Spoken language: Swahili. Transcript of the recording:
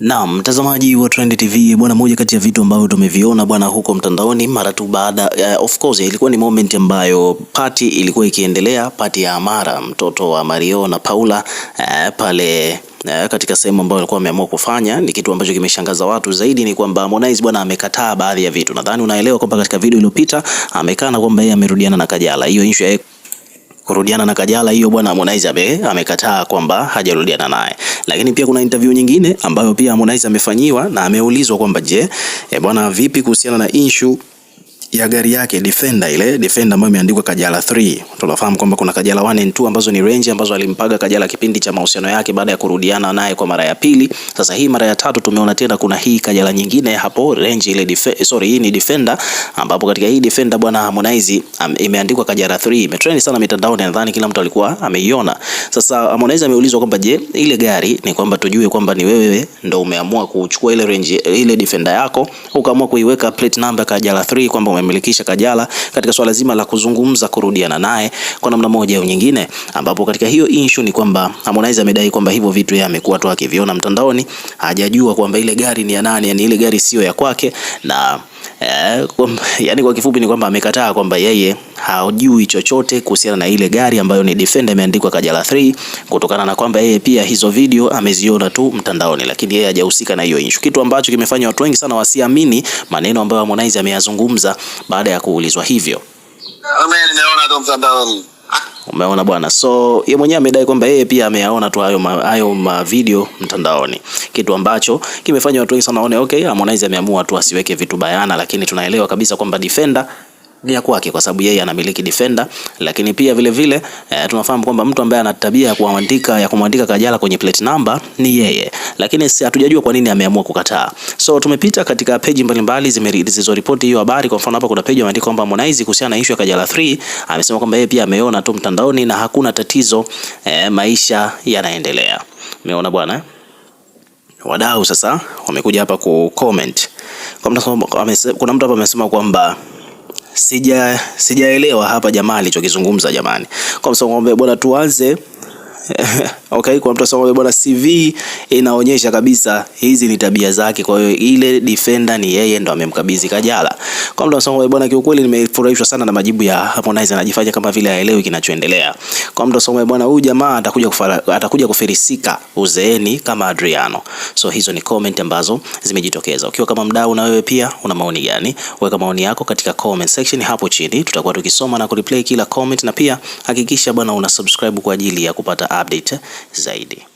Na mtazamaji wa Trend TV bwana, moja kati ya vitu ambavyo tumeviona bwana huko mtandaoni mara tu baada uh, of course ilikuwa ni moment ambayo party ilikuwa ikiendelea, party ya Amara mtoto wa Mario na Paula uh, pale na eh, katika sehemu ambayo alikuwa ameamua kufanya ni kitu ambacho kimeshangaza watu zaidi, ni kwamba Harmonize bwana amekataa baadhi ya vitu. Nadhani unaelewa kwamba katika video iliyopita amekana kwamba yeye amerudiana na Kajala, hiyo issue ya kurudiana na Kajala hiyo bwana Harmonize amekataa kwamba hajarudiana naye. Lakini pia kuna interview nyingine ambayo pia Harmonize amefanyiwa na ameulizwa kwamba je, eh, bwana vipi kuhusiana na issue ya gari yake Defender, ile Defender ambayo imeandikwa Kajala 3. Tunafahamu kwamba kuna Kajala 1 and 2 ambazo ni range ambazo alimpaga Kajala kipindi cha mahusiano yake baada ya kurudiana naye kwa mara ya pili. Sasa hii mara ya tatu tumeona tena kuna hii Kajala nyingine hapo range ile Defender, sorry, hii ni Defender ambapo katika hii Defender bwana Harmonize um, imeandikwa Kajala 3. Imetrend sana mitandaoni, nadhani kila mtu alikuwa ameiona. Sasa Harmonize ameulizwa kwamba je, ile gari ni kwamba tujue kwamba ni wewe ndo umeamua kuchukua ile range ile Defender yako ukaamua kuiweka plate number Kajala 3 kwamba amemilikisha Kajala katika swala zima la kuzungumza kurudiana naye kwa namna moja au nyingine, ambapo katika hiyo issue ni kwamba Harmonize amedai kwamba hivyo vitu yeye amekuwa tu akiviona mtandaoni, hajajua kwamba ile gari ni ya nani, yani ile gari sio ya kwake na eh, yani kwa kifupi ni kwamba amekataa kwamba yeye hajui chochote kuhusiana na ile gari ambayo ni Defender imeandikwa Kajala 3 kutokana na kwamba yeye pia hizo video ameziona tu mtandaoni, lakini yeye hajahusika na hiyo issue, kitu ambacho kimefanya watu wengi sana wasiamini maneno ambayo Harmonize ameyazungumza baada ya kuulizwa hivyo. Amen, Umeona bwana, so yeye mwenyewe amedai kwamba yeye pia ameyaona tu hayo ma, hayo ma video mtandaoni, kitu ambacho kimefanya watu wengi sana waone okay, Harmonize ameamua tu asiweke vitu bayana, lakini tunaelewa kabisa kwamba Defender ni ya kwake kwa sababu yeye anamiliki defender, lakini pia vile vile eh, tunafahamu kwamba mtu ambaye ana tabia ya kuandika ya kumwandika Kajala kwenye plate number ni yeye, lakini si hatujajua kwa nini ameamua kukataa. So tumepita katika page mbalimbali report hiyo habari. Kwa mfano hapa kuna page imeandika kwamba Harmonize kuhusiana na issue ya Kajala 3 amesema kwamba yeye pia ameona tu mtandaoni na hakuna tatizo eh, maisha yanaendelea. Umeona bwana eh? Wadau sasa wamekuja hapa ku comment. Kuna mtu hapa amesema kwamba sija sijaelewa hapa jamaa alichokizungumza jamani. Kwa msongo ng'ombe bwana, tuanze Okay, kwa mtu asema bwana, CV inaonyesha kabisa hizi ni tabia zake. Kwa hiyo ile defender ni yeye ndo amemkabidhi Kajala. Kwa mtu asema bwana, kiukweli nimefurahishwa sana na majibu ya Harmonize, anajifanya kama vile haelewi kinachoendelea. Kwa mtu asema bwana, huyu jamaa atakuja atakuja kufirisika uzeeni kama Adriano. So hizo ni comment ambazo zimejitokeza. Ukiwa kama mdau na wewe pia una maoni gani? Weka maoni yako katika comment section hapo chini, tutakuwa tukisoma na kureplay kila comment, na pia hakikisha bwana una subscribe kwa ajili ya kupata update zaidi.